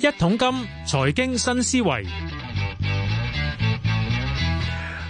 一桶金財經新思維，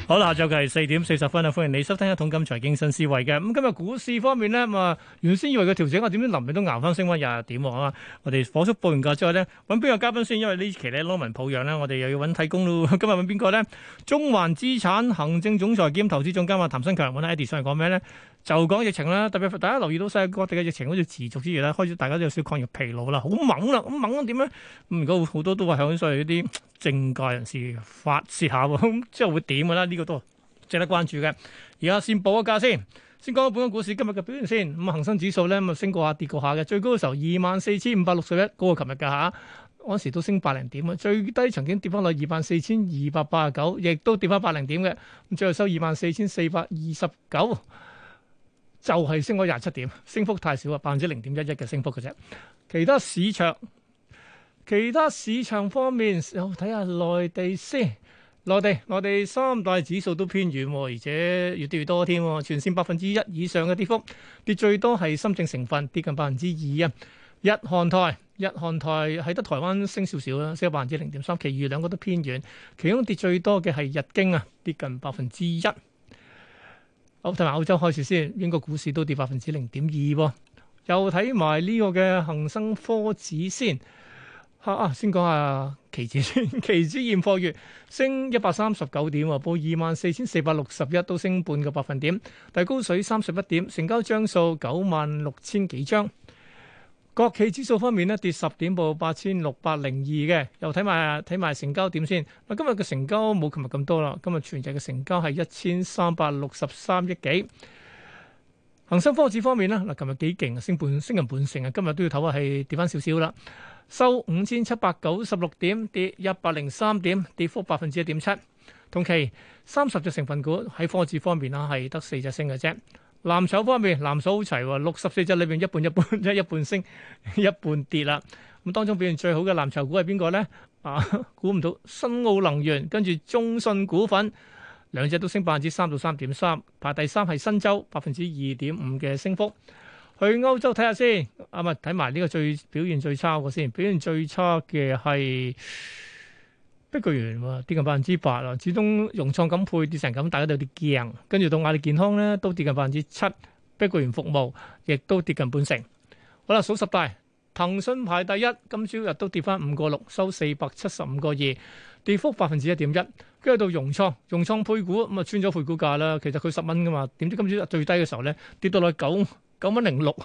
好啦，下晝係四點四十分啊！歡迎你收聽《一桶金財經新思維》嘅咁，今日股市方面呢，咁啊，原先以為嘅調整啊，點知臨尾都熬翻升翻廿點啊！我哋火速報完價之後呢，揾邊個嘉賓先？因為呢期咧攞埋抱養呢，養我哋又要揾替工咯。今日揾邊個呢？中環資產行政總裁兼投資總監阿譚新強，揾 Eddie 上嚟講咩呢？」就講疫情啦，特別大家留意到世界各地嘅疫情好似持續之餘咧，開始大家都有少抗疫疲勞啦，好猛啦，咁猛點咧？咁如果好多都話係，所以啲政界人士發泄下喎，之後會點㗎啦？呢、這個都值得關注嘅。而家先報個價先，先講本港股市今日嘅表現先。咁恒生指數咧，咪升過下跌過下嘅，最高嘅時候二萬四千五百六十一，高過琴日嘅嚇。嗰、啊、時都升百零點啊，最低曾經跌翻落二萬四千二百八十九，亦都跌翻百零點嘅。咁最後收二萬四千四百二十九。就係升咗廿七點，升幅太少啦，百分之零點一一嘅升幅嘅啫。其他市場，其他市場方面，我睇下內地先。內地，內地三大指數都偏遠喎，而且越跌越多添喎，全線百分之一以上嘅跌幅，跌最多係深證成分跌近百分之二啊。日韓台，日韓台喺得台灣升少少啦，升咗百分之零點三，其餘兩個都偏遠，其中跌最多嘅係日經啊，跌近百分之一。好，睇埋歐洲股市先，英國股市都跌百分之零點二，又睇埋呢個嘅恒生科指先，吓啊，先講下期指先，期指現貨月升一百三十九點啊，報二萬四千四百六十一，都升半個百分點，最高水三十一點，成交張數九萬六千幾張。國企指數方面咧，跌十點，報八千六百零二嘅。又睇埋睇埋成交點先。嗱，今日嘅成交冇琴日咁多啦，今日全日嘅成交係一千三百六十三億幾。恒生科指方面咧，嗱，琴日幾勁，升半升近半成啊，今日都要唞下係跌翻少少啦，收五千七百九十六點，跌一百零三點，跌幅百分之一點七。同期三十隻成分股喺科指方面啦，係得四隻升嘅啫。藍籌方面，藍籌好齊喎，六十四隻裏邊，一半一半，即係一半升，一半跌啦。咁當中表現最好嘅藍籌股係邊個咧？啊，估唔到新奧能源，跟住中信股份兩隻都升百分之三到三點三，排第三係新洲百分之二點五嘅升幅。去歐洲睇下先，啊，睇埋呢個最表現最差嘅先，表現最差嘅係。碧桂園跌近百分之八啊，始終融創金配跌成咁，大家都有啲驚。跟住到阿里健康咧，都跌近百分之七。碧桂園服務亦都跌近半成。好啦，數十大，騰訊排第一，今朝日都跌翻五個六，收四百七十五個二，跌幅百分之一點一。跟住到融創，融創配股咁啊，穿咗配股價啦。其實佢十蚊噶嘛，點知今朝日最低嘅時候咧，跌到落九九蚊零六，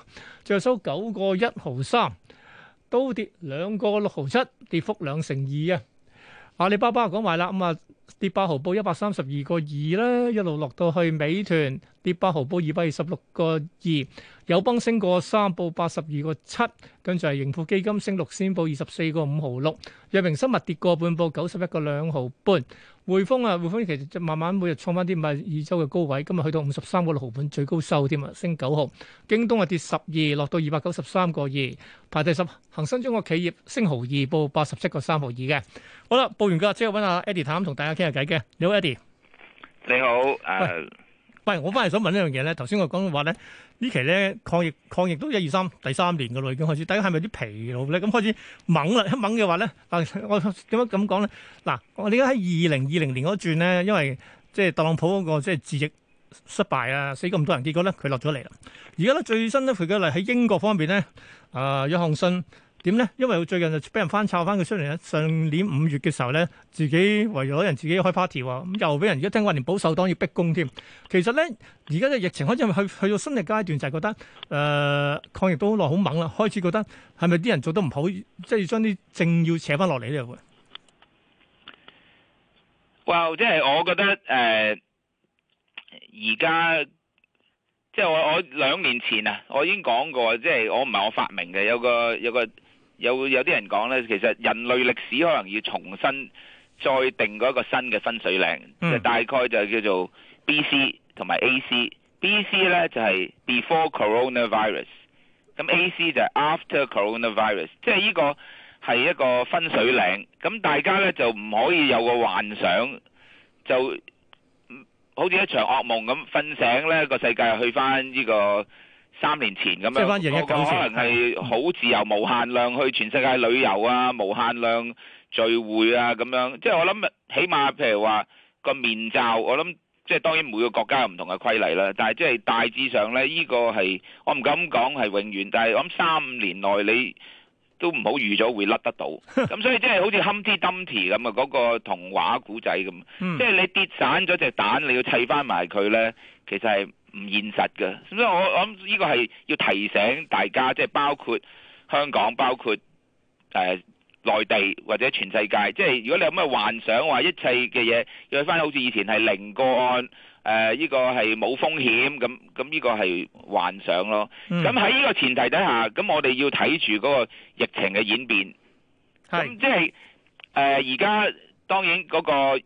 再收九個一毫三，都跌兩個六毫七，跌幅兩成二啊。阿里巴巴講埋啦，咁啊跌八毫報一百三十二個二啦，一路落到去美團跌八毫報二百二十六個二，友邦升過三報八十二個七，跟住係盈富基金升六仙報二十四個五毫六，藥明生物跌過半報九十一個兩毫半。匯豐啊，匯豐其實就慢慢每日創翻啲唔係二周嘅高位，今日去到五十三個六毫半最高收添啊，升九毫。京東啊跌十二，落到二百九十三個二，排第十。恒生中國企業升毫二，報八十七個三毫二嘅。好啦，報完價之後揾阿 Eddie 譚，同大家傾下偈嘅。你好，Eddie。你好，誒、uh...。喂我翻嚟想問一樣嘢咧。頭先我講嘅話咧，這期呢期咧抗疫抗疫都一二三第三年嘅啦，已經開始。大家係咪有啲疲勞咧？咁開始猛啦，一猛嘅話咧，啊，我點解咁講咧？嗱，我哋而家喺二零二零年嗰轉咧，因為即係特朗普嗰、那個即係治疫失敗啊，死咁多人，結果咧佢落咗嚟啦。而家咧最新咧，佢嘅例喺英國方面咧，啊約翰遜。點咧？因為最近就俾人翻炒翻佢出嚟。上年五月嘅時候咧，自己為咗人自己開 party 喎，咁又俾人而家聽話連保守黨要逼宮添。其實咧，而家嘅疫情開始去去到新嘅階段，就係、是、覺得誒、呃、抗疫都好耐好猛啦，開始覺得係咪啲人做得唔好，即、就、係、是、要將啲政要扯翻落嚟咧會。哇！即、就、係、是、我覺得誒，而家即係我我兩年前啊，我已經講過，即、就、係、是、我唔係我發明嘅，有個有個。有有啲人講咧，其實人類歷史可能要重新再定嗰一個新嘅分水嶺，嗯，就大概就叫做 B.C. 同埋 A.C. B.C. 咧就係、是、Before Coronavirus，咁 A.C. 就係 After Coronavirus，即係呢個係一個分水嶺。咁大家咧就唔可以有個幻想，就好似一場噩夢咁瞓醒咧，個世界去翻呢、這個。三年前咁樣，嗰個、可能係好自由、無限量去全世界旅遊啊，無限量聚會啊咁樣。即係我諗，起碼譬如話個面罩，我諗即係當然每個國家有唔同嘅規例啦。但係即係大致上咧，呢個係我唔敢講係永遠，但係我諗三五年內你都唔好預咗會甩得到。咁 所以即係好似 Humpty Dumpty 咁啊，嗰、嗰個童話古仔咁。即係你跌散咗隻蛋，你要砌翻埋佢咧，其實係，唔現實嘅，所以我我諗呢個係要提醒大家，即係包括香港、包括誒內地或者全世界。即係如果你有咩幻想話一切嘅嘢，睇返好似以前係零個案，誒依個係冇風險，咁咁依個係幻想咯。咁喺呢個前提底下，咁我哋要睇住嗰個疫情嘅演變。咁即係誒而家當然嗰個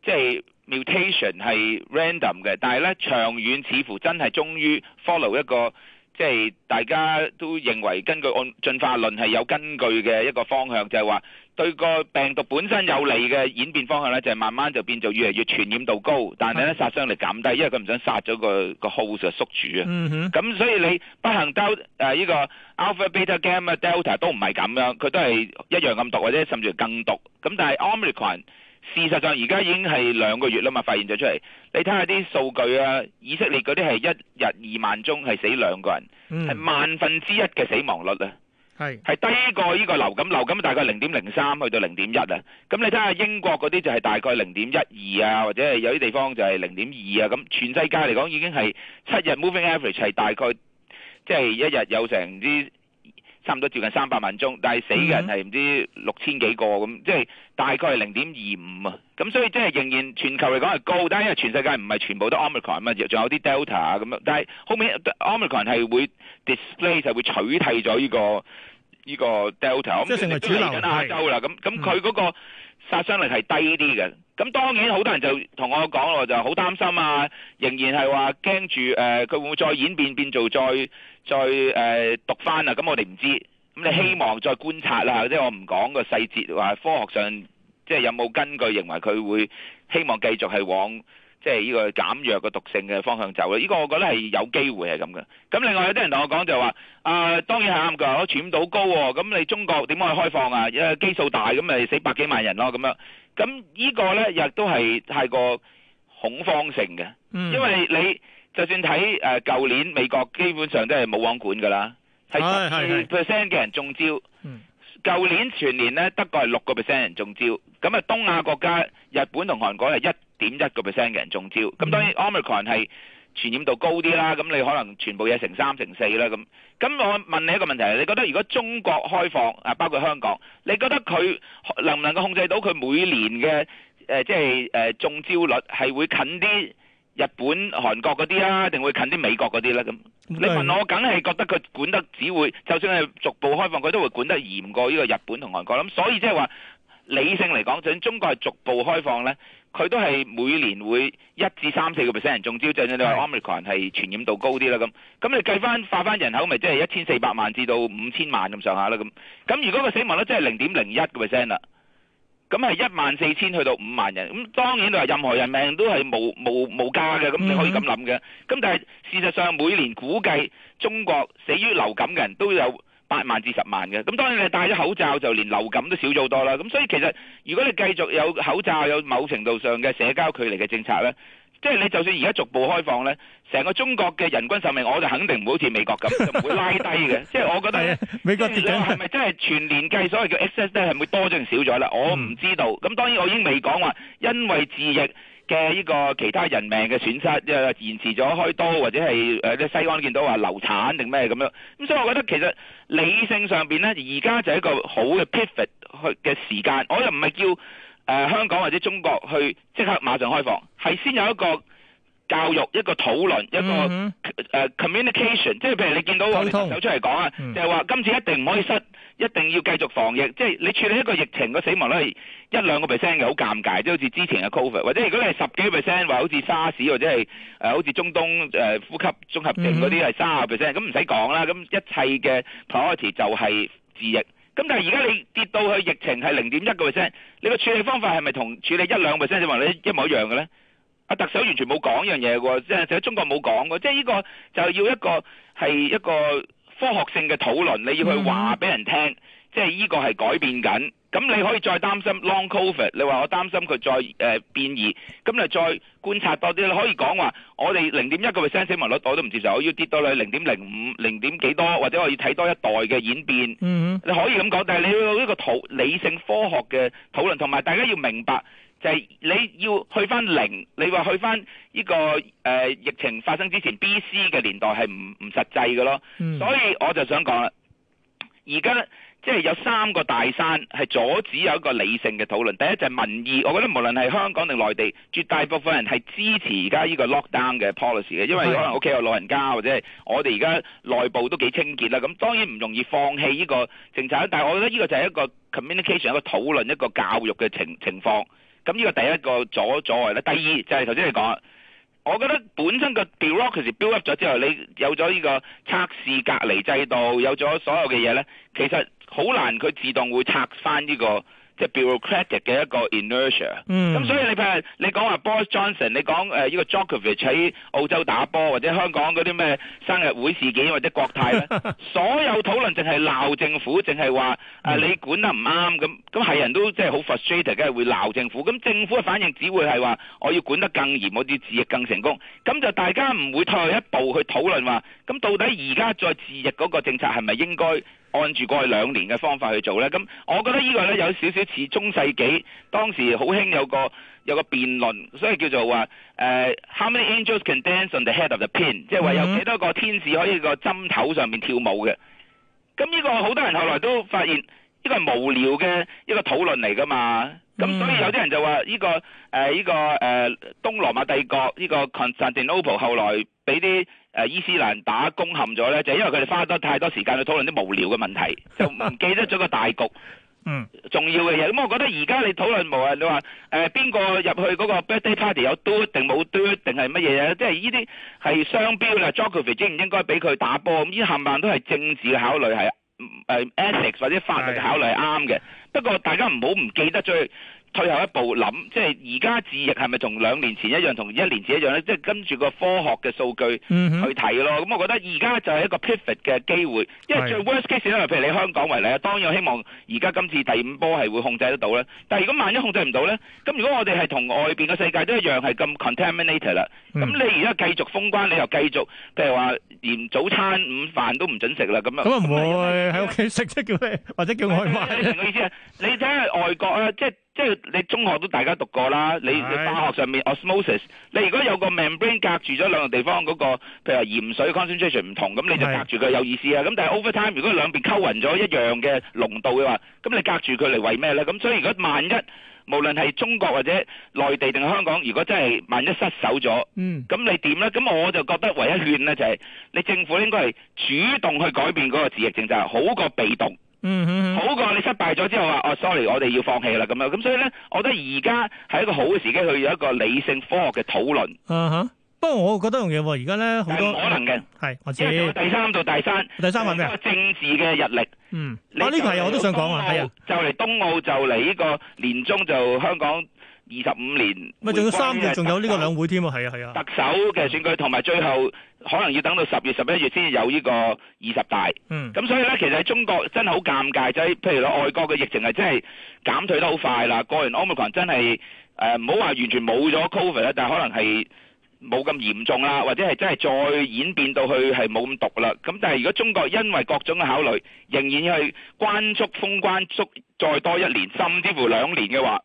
即係。就是 mutation 係 random 嘅，但係咧長遠似乎真係終於 follow 一個即係、就是、大家都認為根據進化論係有根據嘅一個方向，就係、是、話對個病毒本身有利嘅演變方向咧，就係、是、慢慢就變做越嚟越傳染度高，但係咧殺傷力減低，因為佢唔想殺咗個個 host 嘅宿主啊。咁、mm -hmm. 所以你不幸得誒呢個 Alpha Beta Gamma Delta 都唔係咁樣，佢都係一樣咁毒或者甚至更毒。咁但係 Omicron 事實上，而家已經係兩個月啦嘛，發現咗出嚟。你睇下啲數據啊，以色列嗰啲係一日二萬宗，係死兩個人，係、嗯、萬分之一嘅死亡率啊，係係低過呢個流感。流感大概零點零三去到零點一啊。咁你睇下英國嗰啲就係大概零點一二啊，或者係有啲地方就係零點二啊。咁全世界嚟講已經係七日 moving average 係大概即係、就是、一日有成啲。差唔多接近三百萬宗，但係死嘅人係唔知六千幾個咁，即係大概係零點二五啊。咁所以即係仍然全球嚟講係高，但係因為全世界唔係全部都 Omicron 啊嘛，仲有啲 Delta 咁啊。但係後面 Omicron 係會 displace，就會取替咗呢個呢個 Delta，即係成為主流。係。咁咁佢嗰個殺傷力係低啲嘅。咁當然好多人就同我講話就好擔心啊，仍然係話驚住誒佢會唔會再演變變做再。再、呃、讀翻啊，咁我哋唔知，咁你希望再觀察啦，即我唔講個細節，話科學上即係有冇根據認為佢會希望繼續係往即係呢個減弱個毒性嘅方向走咧？呢、這個我覺得係有機會係咁嘅。咁另外有啲人同我講就話、呃，啊當然係啱㗎，我傳染度高喎、哦，咁你中國點可以開放啊？因為基數大，咁咪死百幾萬人咯，咁樣。咁呢個咧亦都係太過恐慌性嘅，因為你。嗯就算睇誒舊年美國基本上都係冇倉管㗎啦，係四 percent 嘅人中招。舊年全年咧，德國係六個 percent 人中招。咁啊，東亞國家日本同韓國係一點一個 percent 嘅人中招。咁當然 Omicron 係傳染度高啲啦，咁你可能全部嘢成三成四啦咁。咁我問你一個問題，你覺得如果中國開放啊，包括香港，你覺得佢能唔能夠控制到佢每年嘅誒即係誒中招率係會近啲？日本、韓國嗰啲啦，定會近啲美國嗰啲咧咁。你問我，梗係覺得佢管得只會，就算係逐步開放，佢都會管得嚴過呢個日本同韓國。咁所以即係話，理性嚟講，就算中國係逐步開放咧，佢都係每年會一至三、四個 percent 人中招。就算、是、你話 Omicron 係傳染度高啲啦，咁咁你計翻化翻人口，咪即係一千四百萬至到五千萬咁上下啦。咁咁如果個死亡率即係零點零一個 percent 啊？咁係一萬四千去到五萬人，咁當然都係任何人命都係無無無價嘅，咁你可以咁諗嘅。咁、mm -hmm. 但係事實上每年估計中國死於流感嘅人都有八萬至十萬嘅，咁當然你戴咗口罩就連流感都少咗好多啦。咁所以其實如果你繼續有口罩，有某程度上嘅社交距離嘅政策呢。即係你就算而家逐步開放咧，成個中國嘅人均壽命，我就肯定唔會好似美國咁， 就唔會拉低嘅。 即係我覺得，美國係咪真係全年計所謂叫 excess 係咪多咗定少咗啦？嗯、我唔知道。咁當然我已經未講話，因為自疫嘅呢個其他人命嘅損失，又延遲咗開刀或者係西安都見到話流產定咩咁樣。咁所以我覺得其實理性上面咧，而家就一個好嘅 pivot 去嘅時間。我又唔係叫，誒、呃、香港或者中國去即刻馬上開放，係先有一個教育、一個討論、一個誒、mm -hmm. 呃、communication，即係譬如你見到我哋走出嚟講啊，mm -hmm. 就係話今次一定唔可以失，一定要繼續防疫。Mm -hmm. 即係你處理一個疫情個死亡率係一兩個 percent 嘅好尷尬，即係好似之前嘅 COVID，或者如果你係十幾 percent，話好似沙士或者係誒好似、呃、中東誒、呃、呼吸綜合症嗰啲係卅 percent，咁唔使講啦，咁一切嘅 priority 就係自疫。咁但係而家你跌到去疫情係零點一個 percent，你個處理方法係咪同處理一兩 percent 就話你一模一樣嘅咧？阿特首完全冇講呢樣嘢喎，即係就喺中國冇講過，即係呢個就要一個係一個科學性嘅討論，你要去話俾人聽、嗯，即係呢個係改變緊。咁你可以再擔心 Long Covid，你話我擔心佢再誒、呃、變異，咁你再觀察多啲，你可以講話我哋零點一個 percent 死亡率我都唔接受，我要跌多啲零點零五、零點幾多，或者我要睇多一代嘅演變、mm -hmm.，你可以咁講，但係你要有一個討理性科學嘅討論，同埋大家要明白就係、是、你要去翻零、這個，你話去翻呢個誒疫情發生之前 BC 嘅年代係唔唔實際嘅咯，mm -hmm. 所以我就想講啦，而家。即係有三個大山係阻止有一個理性嘅討論。第一就係民意，我覺得無論係香港定內地，絕大部分人係支持而家呢個 lockdown 嘅 policy 嘅，因為可能屋企有老人家或者係我哋而家內部都幾清潔啦。咁當然唔容易放棄呢個政策，但係我覺得呢個就係一個 communication、一個討論、一個教育嘅情情況。咁、這、呢個第一個阻阻礙啦。第二就係頭先你講。我覺得本身個 bureaucracy build up 咗之後，你有咗呢個測試隔離制度，有咗所有嘅嘢咧，其實好難佢自動會拆翻呢個。即係 bureaucratic 嘅一個 inertia，咁、嗯、所以你譬如你講話 Boris Johnson，你講誒呢個 Jokovic 喺澳洲打波，或者香港嗰啲咩生日會事件或者國泰咧， 所有討論淨係鬧政府，淨係話誒你管得唔啱咁，咁係人都即係好 frustrated，梗係會鬧政府。咁政府嘅反應只會係話我要管得更嚴，我啲治疫更成功。咁就大家唔會退一步去討論話，咁到底而家再治疫嗰個政策係咪應該？按住過去兩年嘅方法去做呢。咁我覺得呢個呢，有少少似中世紀當時好興有個有個辯論，所以叫做話誒、uh，How many angels can dance on the head of the pin，即係話有幾多個天使可以喺個針頭上面跳舞嘅。咁呢個好多人後來都發現。呢、這個是無聊嘅一個討論嚟㗎嘛，咁所以有啲人就話呢、這個誒依、呃這個誒、呃、東羅馬帝國呢、這個 Constantinople 後來俾啲誒伊斯蘭打攻陷咗咧，就係、是、因為佢哋花咗太多時間去討論啲無聊嘅問題，就唔記得咗個大局，嗯， 重要嘅嘢。咁我覺得而家你討論無啊，你話誒邊個入去嗰個 Birthday Party 有 do 定冇 do 定係乜嘢啊？即係呢啲係雙標啦。Djokovic 應唔應該俾佢打波？咁依啲冚唪唥都係政治嘅考慮係啊。誒、uh, ethics 或者法律嘅考慮係啱嘅，不過大家唔好唔記得咗退後一步諗，即係而家治疫係咪同兩年前一樣，同一年前一樣咧？即係跟住個科學嘅數據去睇咯。咁我覺得而家就係一個 pivot 嘅機會，因為最 worst case 咧，譬如你香港為例啊，當然我希望而家今次第五波係會控制得到咧。但係如果萬一控制唔到咧，咁如果我哋係同外邊嘅世界都一樣係咁 contaminated 啦，咁你而家繼續封關，你又繼續，譬如話連早餐、午飯都唔準食啦，咁啊？咁啊唔會喺屋企食即叫咩？或者叫外賣咧？個意思啊？你睇下外國啊，即係。即係你中學都大家讀過啦，你大學上面 osmosis，你如果有個 membrane 隔住咗兩個地方嗰、那個，譬如話鹽水 concentration 唔同，咁你就隔住佢有意思啊。咁但係 over time，如果兩邊溝混咗一樣嘅濃度嘅話，咁你隔住佢嚟為咩咧？咁所以如果萬一，無論係中國或者內地定係香港，如果真係萬一失手咗，咁、嗯、你點咧？咁我就覺得唯一勸咧就係、是，你政府應該係主動去改變嗰個自疫症，就係好過被動。嗯,嗯,嗯，好過你失敗咗之後話哦，sorry，我哋要放棄啦咁樣，咁所以咧，我覺得而家係一個好嘅時機去有一個理性科學嘅討論。嗯、uh -huh, 不過我覺得樣嘢，而家咧好多可能嘅係，或者有第三到第三，第三話咩政治嘅日曆。嗯，你啊呢排又我都想講啊，就嚟冬奧，就嚟呢個年中就香港。二十五年，咪仲要三年，仲有呢個兩會添啊！係啊係啊，特首嘅選舉同埋最後可能要等到十月十一月先有呢個二十大。嗯，咁所以咧，其實喺中國真係好尷尬，即係譬如啦，外國嘅疫情係真係減退得好快啦。過完 Omicron 真係誒，唔好話完全冇咗 Covid 啦，但係可能係冇咁嚴重啦，或者係真係再演變到去係冇咁毒啦。咁但係如果中國因為各種嘅考慮，仍然要關足封關足再多一年甚至乎兩年嘅話，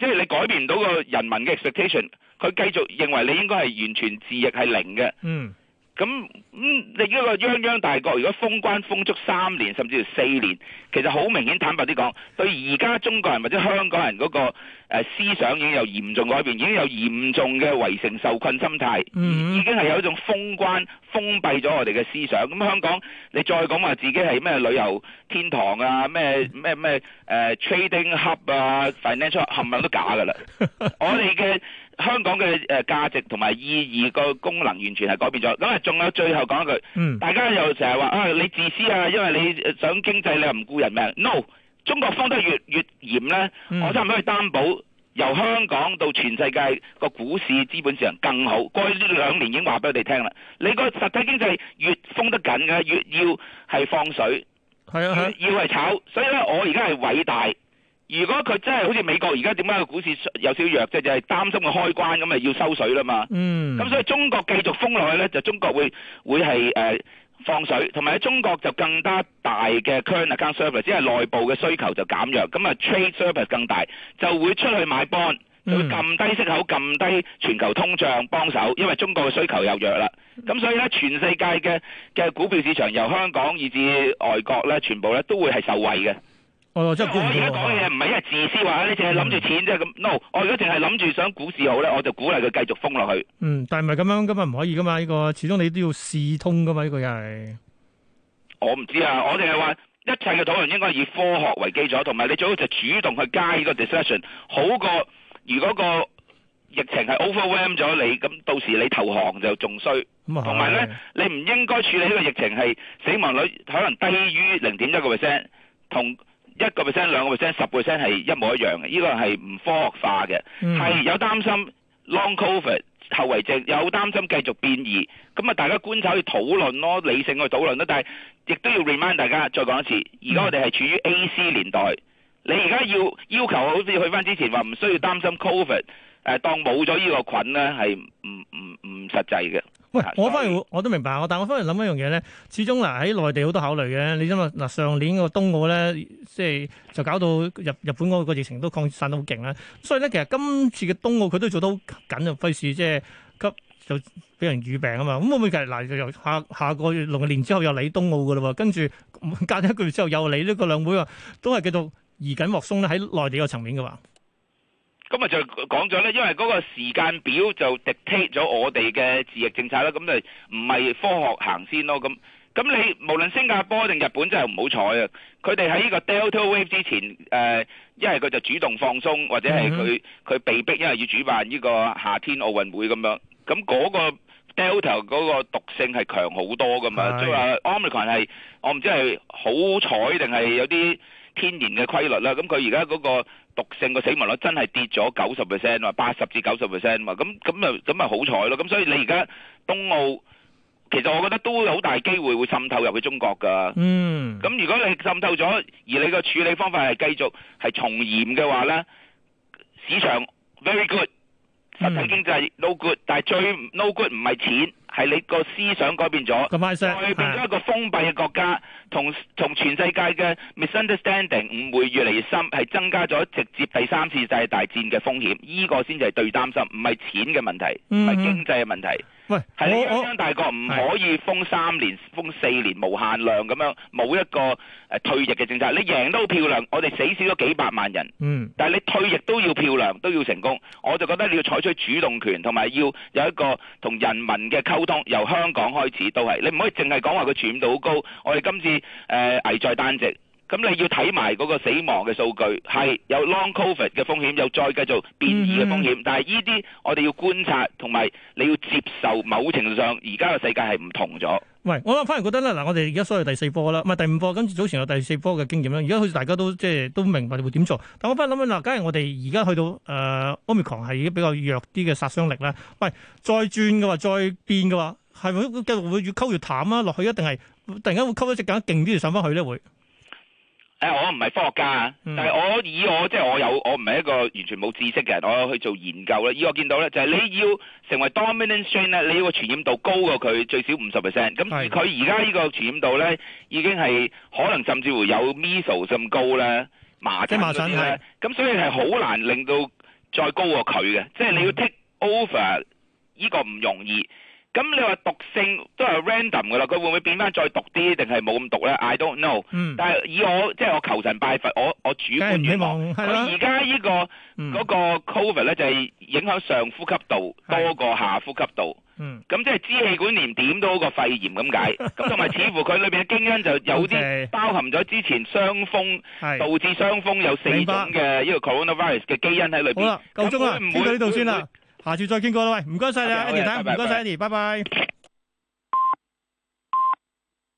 即係你改變唔到個人民嘅 expectation，佢繼續認為你應該係完全自力係零嘅。嗯。咁咁、嗯、你呢個泱泱大國，如果封關封足三年甚至乎四年，其實好明顯，坦白啲講，對而家中國人或者香港人嗰、那個、呃、思想已經有嚴重改變，已經有嚴重嘅圍城受困心態，已經係有一種封關封閉咗我哋嘅思想。咁香港你再講話自己係咩旅遊天堂啊，咩咩咩誒 trading hub 啊，financial，冚唪唥都假㗎喇， 我哋嘅。香港嘅誒價值同埋意義個功能完全係改變咗。咁啊，仲有最後講一句、嗯，大家又成日話啊，你自私啊，因為你想經濟你又唔顧人命。No，中國封得越越嚴咧、嗯，我差唔多可以擔保，由香港到全世界個股市資本市場更好。過去呢兩年已經話俾我哋聽啦，你個實體經濟越封得緊嘅，越要係放水，係啊，係，要係炒。所以咧，我而家係偉大。如果佢真係好似美國而家點解個股市有少弱啫，就係、是、擔心個開關咁啊要收水啦嘛。嗯。咁所以中國繼續封落去咧，就中國會會係誒、呃、放水，同埋喺中國就更加大嘅 current account surplus 只係內部嘅需求就減弱，咁啊 trade surplus 更大，就會出去買 bond 就會撳低息口、撳低全球通脹幫手，因為中國嘅需求又弱啦。咁所以咧，全世界嘅嘅股票市場由香港以至外國咧，全部咧都會係受惠嘅。哦、我即係而家講嘢唔係因為自私話，你淨係諗住錢啫咁、嗯。no，我如果淨係諗住想股市好咧，我就鼓勵佢繼續封落去。嗯，但係咪咁樣咁日唔可以噶嘛？呢、這個始終你都要試通噶嘛？呢、這個又係我唔知啊，我哋係話一切嘅討論應該以科學為基礎，同埋你最好就主動去 guide 呢個 discussion，好過如果個疫情係 overwhelm 咗你，咁到時你投降就仲衰。同埋咧，你唔應該處理呢個疫情係死亡率可能低於零點一個 percent，同。一個 percent 兩個 percent 十 percent 係一模一樣嘅，呢、這個係唔科學化嘅，係、嗯、有擔心 long covid 後遺症，有擔心繼續變異，咁啊大家觀察去討論咯，理性去討論咯，但係亦都要 remind 大家再講一次，而家我哋係處於 A C 年代，你而家要要求好似去翻之前話唔需要擔心 covid。誒，當冇咗呢個菌咧，係唔唔唔實際嘅。喂，我反而我都明白，但我但係我反而諗一樣嘢咧，始終嗱，喺內地好多考慮嘅。你諗下，嗱，上年個冬奧咧，即係就搞到日日本嗰個疫情都擴散得好勁啦。所以咧，其實今次嘅冬奧佢都做得好緊，就費事即係急就俾人瘀病啊嘛。咁會唔會其實嗱，又下下個月六年之後又嚟冬奧噶啦？跟住隔一個月之後又嚟呢個兩會啊，都係叫做移緊莫鬆咧，喺內地個層面嘅話。咁咪就講咗咧，因為嗰個時間表就 dictate 咗我哋嘅治疫政策啦。咁就唔係科學行先咯。咁咁你無論新加坡定日本真係唔好彩啊！佢哋喺呢個 Delta wave 之前，誒一係佢就主動放鬆，或者係佢佢被逼，因為要主辦呢個夏天奧運會咁樣。咁嗰個。Delta 嗰個毒性係強好多噶嘛，即係話 Omicron 係我唔知係好彩定係有啲天然嘅規律啦。咁佢而家嗰個毒性，個死亡率真係跌咗九十 percent 啊，八十至九十 percent 啊，咁咁又咁咪好彩咯。咁所以你而家東澳，其實我覺得都有好大機會會滲透入去中國噶。嗯，咁如果你滲透咗，而你個處理方法係繼續係重嚴嘅話咧，市場 very good。實體經濟 no good，但係最 no good 唔係錢，係你個思想改變咗，改變咗一個封閉嘅國家，同同全世界嘅 misunderstanding 唔會越嚟越深，係增加咗直接第三次世界大戰嘅風險。呢、這個先至係最擔心，唔係錢嘅問題，唔係經濟嘅問題。嗯喂，係你呢張大國唔可以封三年、封四年、無限量咁樣，冇一個退疫嘅政策。你贏都好漂亮，我哋死少咗幾百萬人。嗯，但係你退疫都要漂亮，都要成功。我就覺得你要採取主動權，同埋要有一個同人民嘅溝通，由香港開始都係。你唔可以淨係講話佢傳到好高。我哋今次誒、呃、危在旦夕。咁你要睇埋嗰個死亡嘅數據，係有 Long Covid 嘅風險，又再繼續變異嘅風險。但係依啲我哋要觀察，同埋你要接受某程度上而家嘅世界係唔同咗。喂，我反而覺得咧，嗱，我哋而家所謂第四波啦，唔係第五波。今次早前有第四波嘅經驗啦，而家好似大家都即係都明白會點做。但我反而諗緊嗱，假如我哋而家去到誒 Omicron 係已經比較弱啲嘅殺傷力啦喂，再轉嘅話，再變嘅話，係咪繼續會越溝越淡啦。落去一定係突然間會溝越越一隻更加勁啲嘅上翻去咧，會。誒、哎，我唔係科學家，但係我以我即係我有，我唔係一個完全冇知識嘅人，我去做研究啦。以我見到咧，就係、是、你要成為 dominant strain 咧，你要傳染度高過佢最少五十 percent。咁佢而家呢個傳染度咧，已經係可能甚至乎有 measles 咁高咧，麻即係麻疹。咁所以係好難令到再高過佢嘅，即係你要 take over 依個唔容易。咁你話毒性都係 random 噶啦，佢會唔會變翻再毒啲，定係冇咁毒咧？I don't know。但係以我即係我求神拜佛，我我主觀願望。佢而家依個嗰個 Covid 咧，就係影響上呼吸道多過下呼吸道。嗯。咁即係支氣管炎點多過肺炎咁解。咁同埋似乎佢裏邊嘅基因就有啲包含咗之前傷風導致傷風有四種嘅依個 coronavirus 嘅基因喺裏邊。好啦，夠鐘啦，先到呢度先啦。下次再見過啦，喂，唔該晒你啊，Andy，唔該晒 Andy，拜拜。